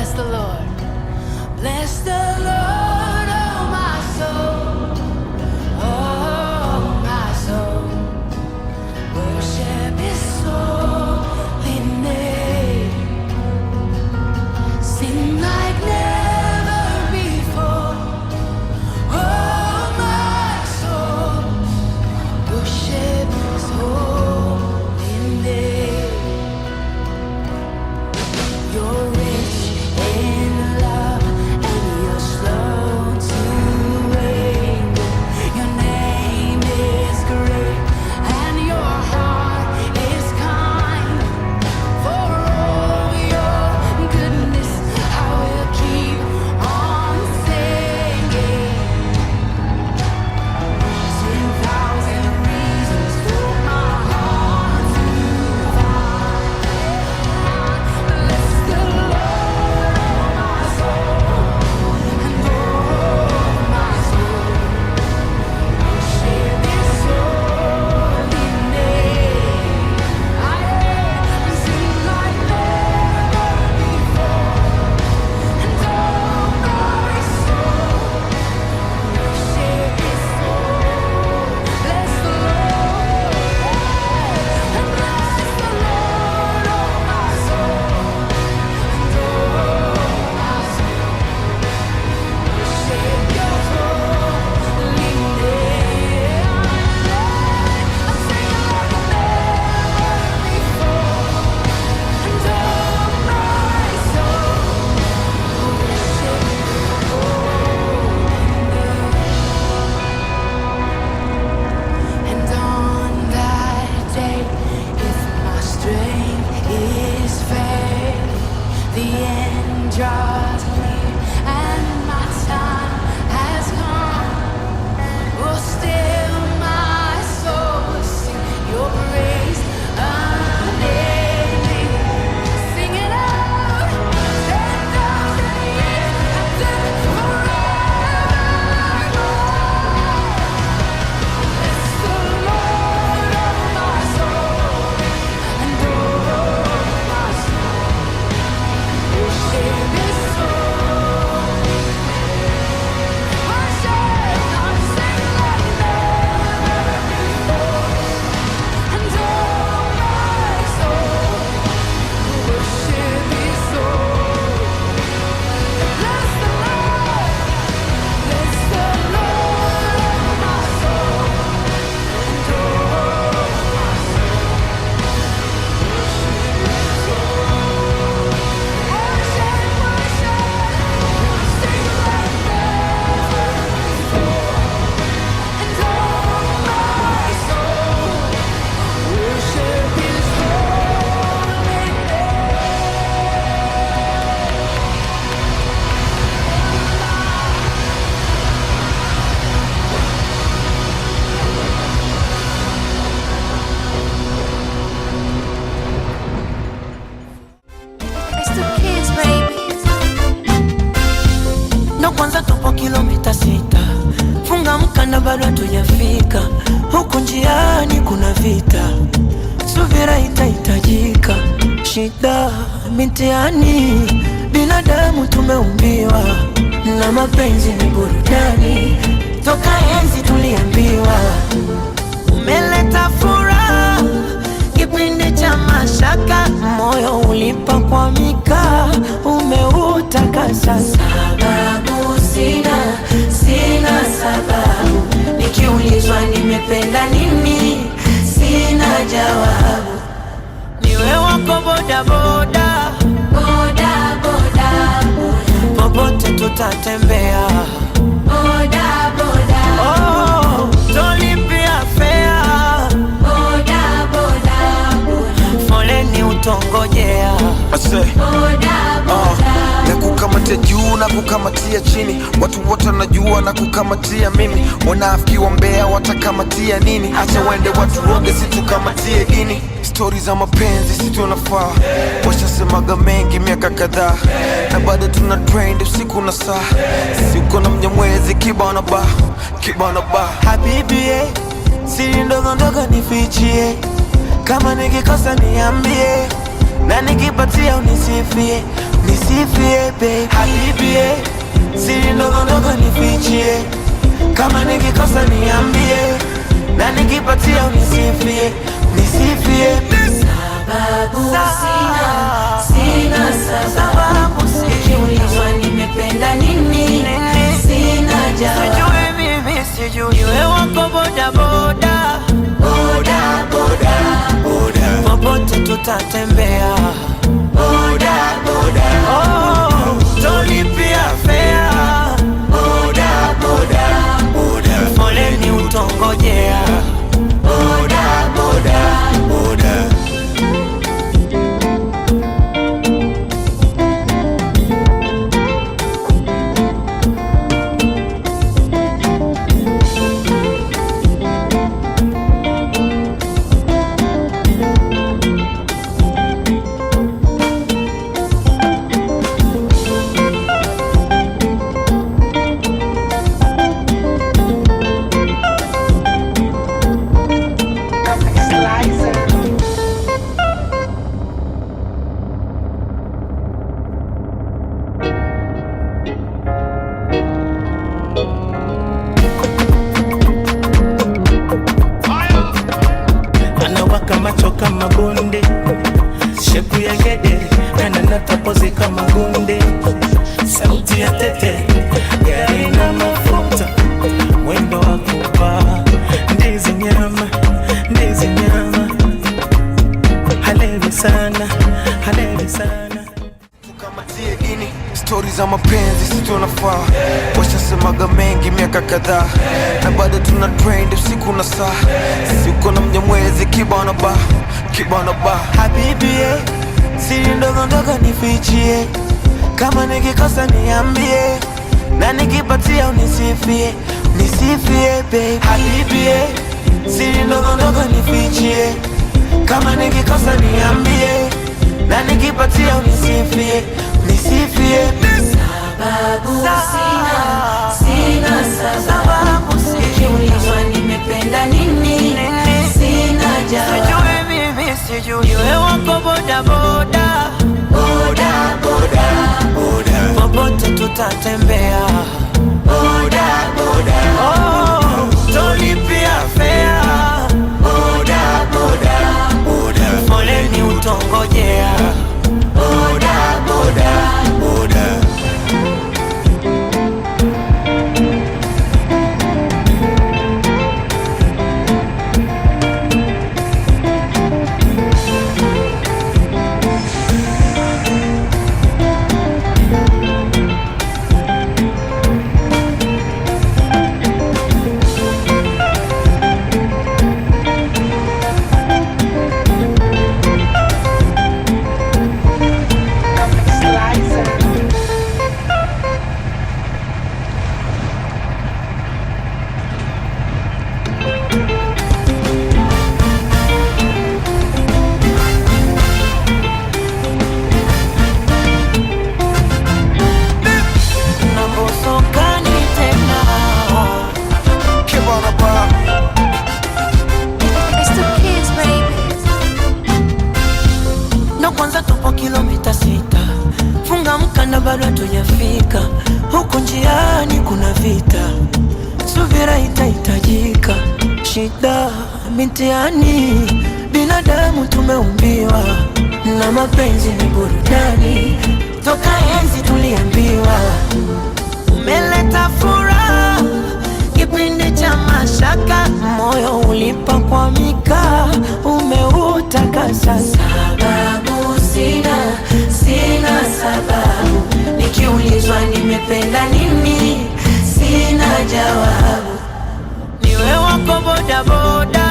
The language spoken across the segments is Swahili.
Bless the Lord. Bless the Lord. Maana bado hatujafika huku, njiani kuna vita, subira itahitajika. Shida mitiani, binadamu tumeumbiwa, na mapenzi ni burudani, toka enzi tuliambiwa. Umeleta furaha kipindi cha mashaka, moyo ulipakwamika, umeutakasa. Sababu sina sina sababu, nikiulizwa nimependa nini, sina jawabu. Niwe wako bodaboda, boda, popote tutatembea kutongojea ah, kukamatia juu na kukamatia chini, watu wote wanajua na kukamatia mimi. Wanafiki wa mbea watakamatia nini? Acha wende watu woge, situkamatie dini. Stori za mapenzi situnafaa, washasemaga mengi miaka kadhaa, na bado tuna trend usiku na saa, siuko na mnyamwezi kibana ba kibana eh, siri ndogondogo nifichie kama nikikosa niambie, na nikipatia unisifie, nisifie baby Habibi, siri ndogo ndogo nifichie. Kama nikikosa niambie, na nikipatia unisifie, nisifie sababu sina, sina sababu ikiulizwa nimependa nini, sina jawabu, sijui mimi, sijui wewe wako bodaboda tutatembea za mapenzi si tunafaa yeah. Washasemaga mengi miaka kadhaa yeah. Na bado tuna trend usiku na saa yeah. Sisi uko na mja mwezi kibana ba kibana ba habibi eh, siri ndogo ndogo nifichie, kama nikikosa niambie, na nikipatia unisifie nisifie baby. Habibi eh, siri ndogo ndogo nifichie, kama nikikosa niambie na nikipatia unisifie, unisifie sababu sina, sina sababu ukiulizwa nimependa nini, sina jawabu sijui mimi sijui iwe wako boda boda boda boda boda popote tutatembea boda boda oh, tolipi tunazongojea mtihani. Binadamu tumeumbiwa na mapenzi ni burudani, toka enzi tuliambiwa. Umeleta furaha kipindi cha mashaka, moyo ulipokwamika umeutaka sasa. Sababu sina, sina sababu, nikiulizwa nimependa nini, sina jawabu. Niwe wako bodaboda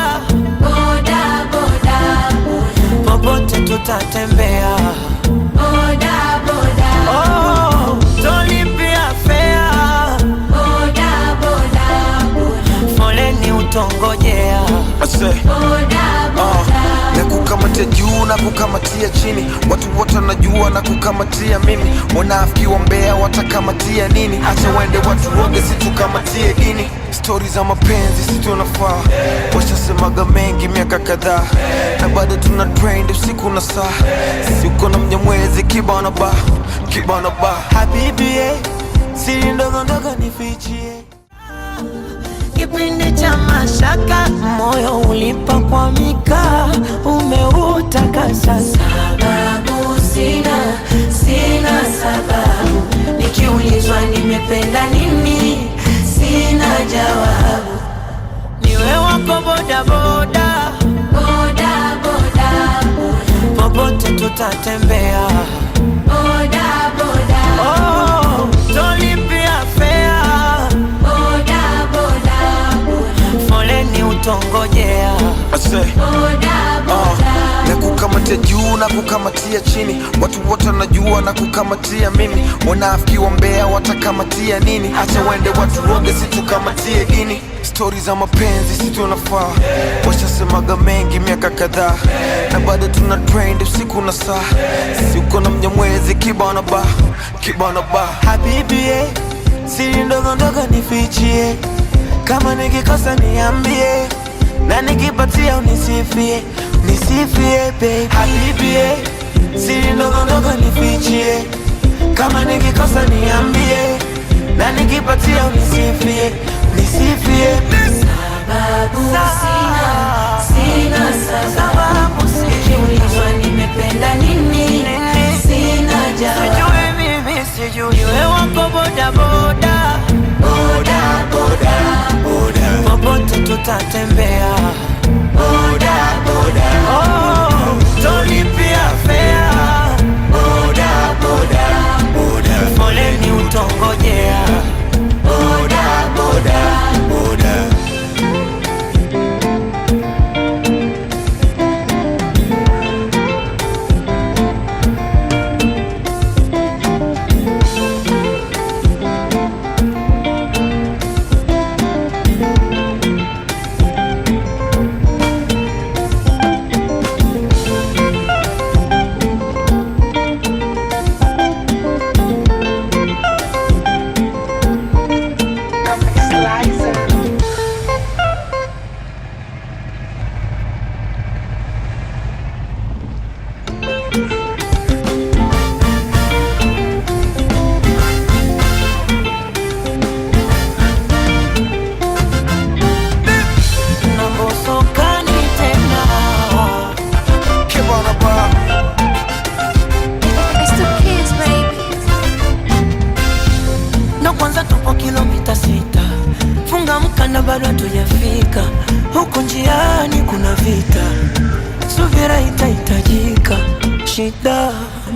tutatembea boda boda. Oh, tolipia fea utongojea kukamatia juu na kukamatia chini, watu wote wanajua na kukamatia mimi. Wanafiki wambea Mbeya watakamatia nini? hacha waende watu woge, situkamatie dini. Stori za mapenzi situnafaa, washasemaga mengi miaka kadhaa, na bado tuna trend usiku na saa. Sisi uko na mnyamwezi kibana ba kibana ba, habibi eh. siri ndogo ndogo nifichie Kipindi cha mashaka moyo ulipa kwa mika um jawabu. Niwe wako boda, popote tutatembea boda. Oh, tolipia fea boda boda, foleni utongojea boda bodaboda ah kukamatia juu na kukamatia chini, watu wote wanajua na kukamatia mimi. Wanafiki wa mbea watakamatia nini? Acha wende watu woge, situkamatie dini. Stori za mapenzi situnafaa, washasemaga mengi miaka kadhaa, na bado tuna trend usiku na saa, si uko na mnyamwezi kibana ba kibana ba habibi, siri ndogo ndogo nifichie, kama nikikosa niambie na nikipatia unisifie, nisifie baby, habibie, siri ndogo ndogo nifichie, kama nikikosa niambie, na nikipatia unisifie, nisifie sababu sina, sina sababu sikuulizwa nimependa nini, sina jawabu sijui wewe wako bodaboda tutatembea boda boda, oh.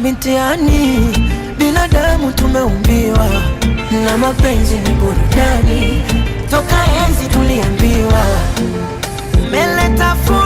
mitiani. Binadamu tumeumbiwa na mapenzi ni burudani, toka enzi tuliambiwa meleta